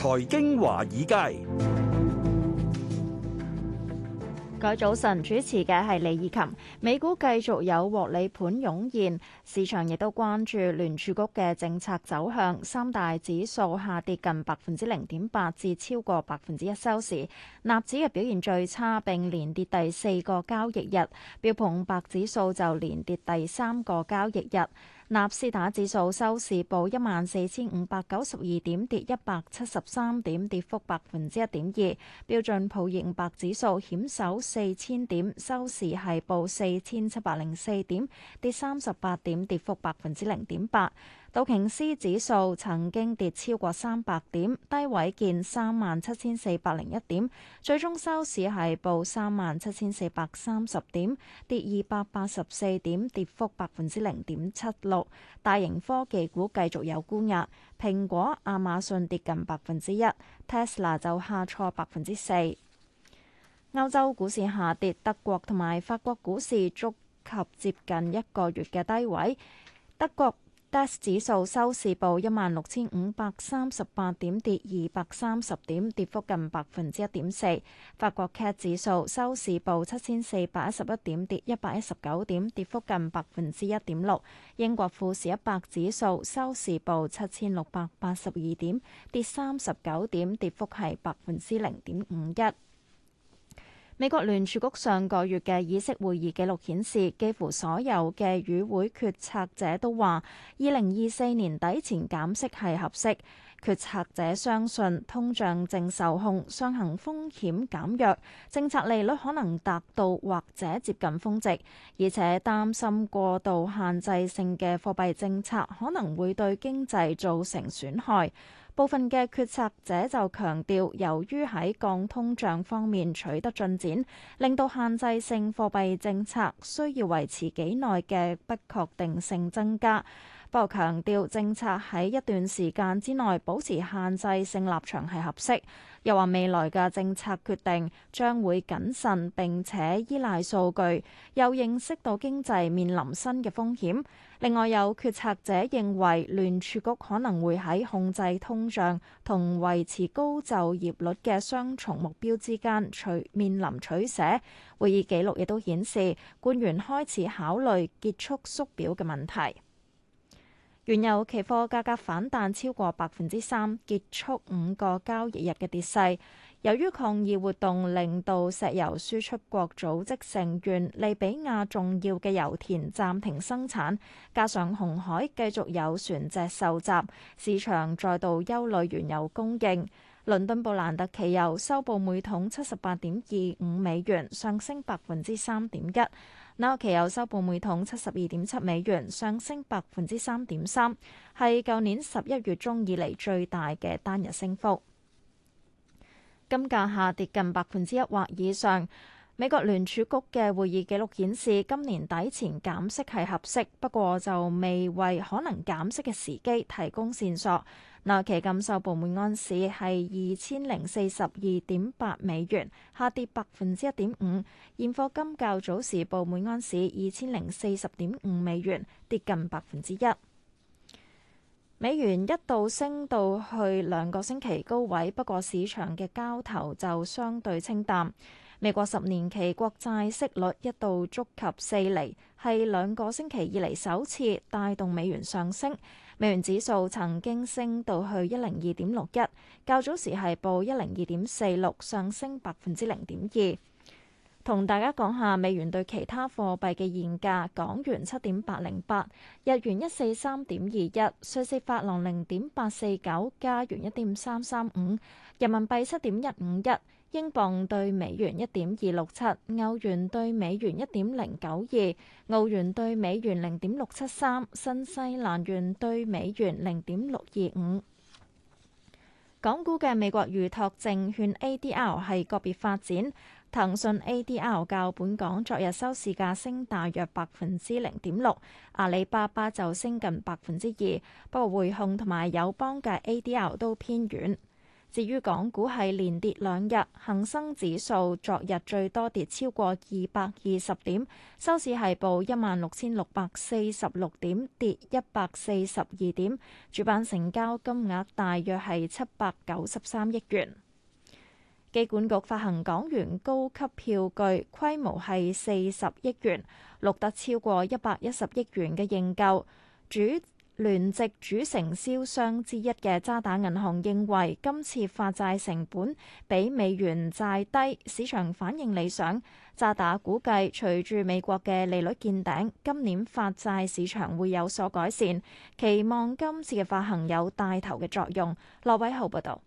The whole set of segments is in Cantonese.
財經華爾街，各位早晨，主持嘅係李以琴。美股繼續有獲利盤湧現，市場亦都關注聯儲局嘅政策走向。三大指數下跌近百分之零點八，至超過百分之一收市。納指嘅表現最差，並連跌第四個交易日。標普五百指數就連跌第三個交易日。納斯達指數收市報一萬四千五百九十二點，跌一百七十三點，跌幅百分之一點二。標準普爾五百指數險守四千點，收市係報四千七百零四點，跌三十八點，跌幅百分之零點八。道瓊斯指數曾經跌超過三百點，低位見三萬七千四百零一點，最終收市係報三萬七千四百三十點，跌二百八十四點，跌幅百分之零點七六。大型科技股繼續有沽壓，蘋果、亞馬遜跌近百分之一，Tesla 就下挫百分之四。歐洲股市下跌，德國同埋法國股市觸及接近一個月嘅低位，德國。德國 DAX 指數收市報一萬六千五百三十八點，跌二百三十點，跌幅近百分之一點四。法國 CAC 指數收市報七千四百一十一點，跌一百一十九點，跌幅近百分之一點六。英國富時一百指數收市報七千六百八十二點，跌三十九點，跌幅係百分之零點五一。美國聯儲局上個月嘅議息會議記錄顯示，幾乎所有嘅與會決策者都話，二零二四年底前減息係合適。決策者相信通脹正受控，上行風險減弱，政策利率可能達到或者接近峰值，而且擔心過度限制性嘅貨幣政策可能會對經濟造成損害。部分嘅決策者就強調，由於喺降通脹方面取得進展，令到限制性貨幣政策需要維持幾耐嘅不確定性增加。不過，強調政策喺一段時間之內保持限制性立場係合適，又話未來嘅政策決定將會謹慎並且依賴數據。又認識到經濟面臨新嘅風險。另外，有決策者認為聯儲局可能會喺控制通脹同維持高就業率嘅雙重目標之間取面臨取捨。會議記錄亦都顯示官員開始考慮結束縮表嘅問題。原油期貨價格反彈超過百分之三，結束五個交易日嘅跌勢。由於抗議活動令到石油輸出國組織成員利比亞重要嘅油田暫停生產，加上紅海繼續有船隻受襲，市場再度憂慮原油供應。倫敦布蘭特期油收報每桶七十八點二五美元，上升百分之三點一。紐期油收報每桶七十二點七美元，上升百分之三點三，係舊年十一月中以嚟最大嘅單日升幅。金價下跌近百分之一或以上。美國聯儲局嘅會議記錄顯示，今年底前減息係合適，不過就未為可能減息嘅時機提供線索。嗱、呃，期金收報每盎司係二千零四十二點八美元，下跌百分之一點五。現貨金較早時報每盎司二千零四十點五美元，跌近百分之一。美元一度升到去兩個星期高位，不過市場嘅交投就相對清淡。美國十年期國債息率一度觸及四厘，係兩個星期以嚟首次帶動美元上升。美元指數曾經升到去一零二點六一，較早時係報一零二點四六，上升百分之零點二。同大家講下美元對其他貨幣嘅現價：港元七點八零八，日元一四三點二一，瑞士法郎零點八四九，加元一點三三五，人民幣七點一五一。英鎊兌美元一點二六七，歐元兌美元一點零九二，澳元兌美元零點六七三，新西蘭元兌美元零點六二五。港股嘅美國預託證券 A D R 係個別發展，騰訊 A D R 較本港昨日收市價升大約百分之零點六，阿里巴巴就升近百分之二，不過匯控同埋友邦嘅 A D R 都偏軟。至於港股係連跌兩日，恒生指數昨日最多跌超過二百二十點，收市係報一萬六千六百四十六點，跌一百四十二點。主板成交金額大約係七百九十三億元。機管局發行港元高級票據，規模係四十億元，錄得超過一百一十億元嘅認購。主聯席主承銷商之一嘅渣打銀行認為，今次發債成本比美元債低，市場反應理想。渣打估計，隨住美國嘅利率見頂，今年發債市場會有所改善，期望今次嘅發行有帶頭嘅作用。羅偉浩報道。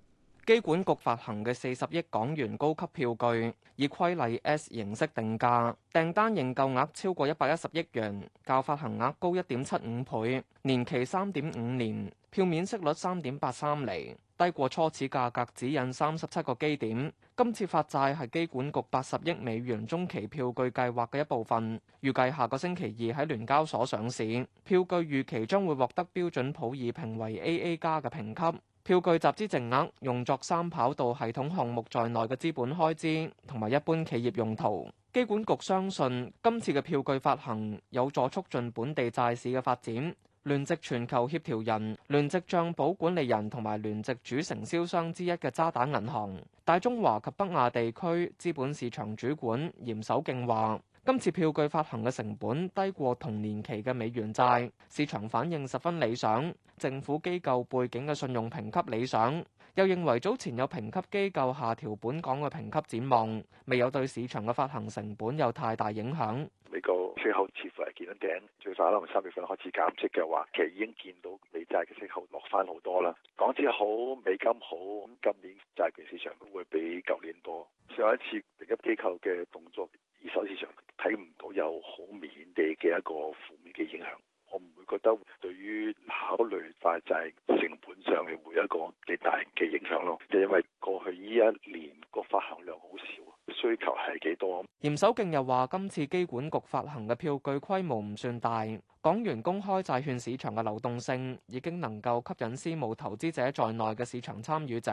機管局發行嘅四十億港元高級票據以規例 S 形式定價，訂單認購額超過一百一十億元，較發行額高一點七五倍，年期三點五年，票面息率三點八三厘，低過初始價格指引三十七個基點。今次發債係機管局八十億美元中期票據計劃嘅一部分，預計下個星期二喺聯交所上市，票據預期將會獲得標準普爾評為 AA 加嘅評級。票據集資淨額用作三跑道系統項目在內嘅資本開支同埋一般企業用途。機管局相信今次嘅票據發行有助促進本地債市嘅發展。聯席全球協調人、聯席帳簿管理人同埋聯席主承銷商之一嘅渣打銀行大中華及北亞地區資本市場主管嚴守敬話。今次票據發行嘅成本低過同年期嘅美元債，市場反應十分理想。政府機構背景嘅信用評級理想，又認為早前有評級機構下調本港嘅評級展望，未有對市場嘅發行成本有太大影響。美國息口似乎係見到頂，最快可能三月份開始減息嘅話，其實已經見到美債嘅息口落翻好多啦。港紙好，美金好，咁今年債券市場會比舊年多。上一次評級機構嘅動作二手市場。睇唔到有好明顯地嘅一個負面嘅影響，我唔會覺得對於考慮發債成本上係會有一個幾大嘅影響咯。就因為過去呢一年個發行量好少，需求係幾多？嚴守敬又話，今次機管局發行嘅票據規模唔算大，港元公開債券市場嘅流動性已經能夠吸引私募投資者在內嘅市場參與者，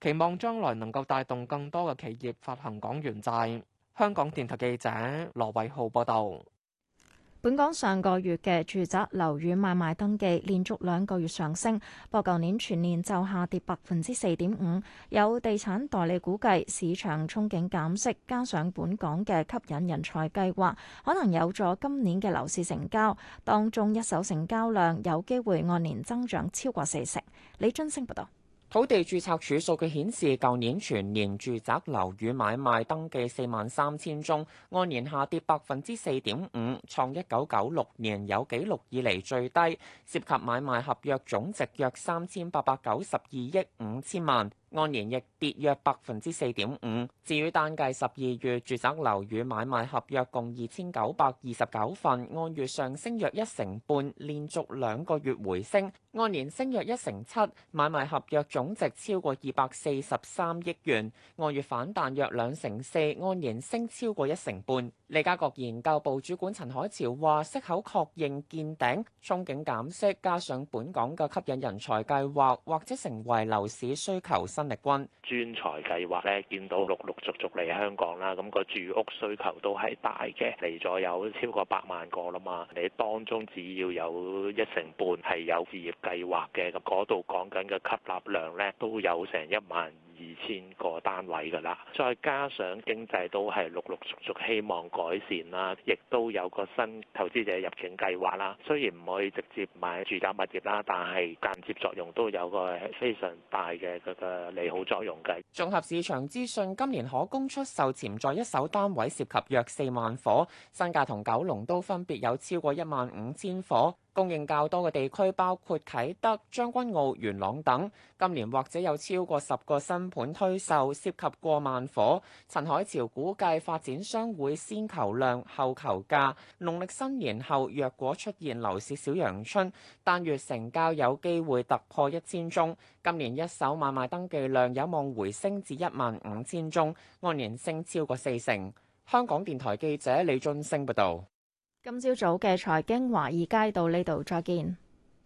期望將來能夠帶動更多嘅企業發行港元債。香港電台記者羅偉浩報道，本港上個月嘅住宅樓宇買賣登記連續兩個月上升，不過舊年全年就下跌百分之四點五。有地產代理估計，市場憧憬減息，加上本港嘅吸引人才計劃，可能有助今年嘅樓市成交，當中一手成交量有機會按年增長超過四成。李津升報道。土地註冊處數據顯示，舊年全年住宅樓宇買賣登記四萬三千宗，按年下跌百分之四點五，創一九九六年有紀錄以嚟最低，涉及買賣合約總值約三千八百九十二億五千萬。按年亦跌約百分之四點五。至於單計十二月住宅樓宇買賣合約共二千九百二十九份，按月上升約一成半，連續兩個月回升，按年升約一成七。買賣合約總值超過二百四十三億元，按月反彈約兩成四，按年升超過一成半。利嘉閣研究部主管陳海潮話：息口確認見頂，憧憬減息，加上本港嘅吸引人才計劃，或者成為樓市需求新力軍。專才計劃咧，見到陸陸續續嚟香港啦，咁個住屋需求都係大嘅，嚟咗有超過百萬個啦嘛。你當中只要有一成半係有置業計劃嘅，咁嗰度講緊嘅吸納量咧，都有成一萬。二千個單位㗎啦，再加上經濟都係陸陸續續希望改善啦，亦都有個新投資者入境計劃啦。雖然唔可以直接買住宅物業啦，但係間接作用都有個非常大嘅嗰個利好作用嘅。綜合市場資訊，今年可供出售潛在一手單位涉及約四萬伙，新界同九龍都分別有超過一萬五千伙。供應較多嘅地區包括啟德、將軍澳、元朗等，今年或者有超過十個新盤推售，涉及過萬伙。陳海潮估計發展商會先求量後求價，農曆新年後若果出現樓市小陽春，單月成交有機會突破一千宗，今年一手買賣登記量有望回升至一萬五千宗，按年升超過四成。香港電台記者李俊升報導。今朝早嘅財經華爾街到呢度，再見。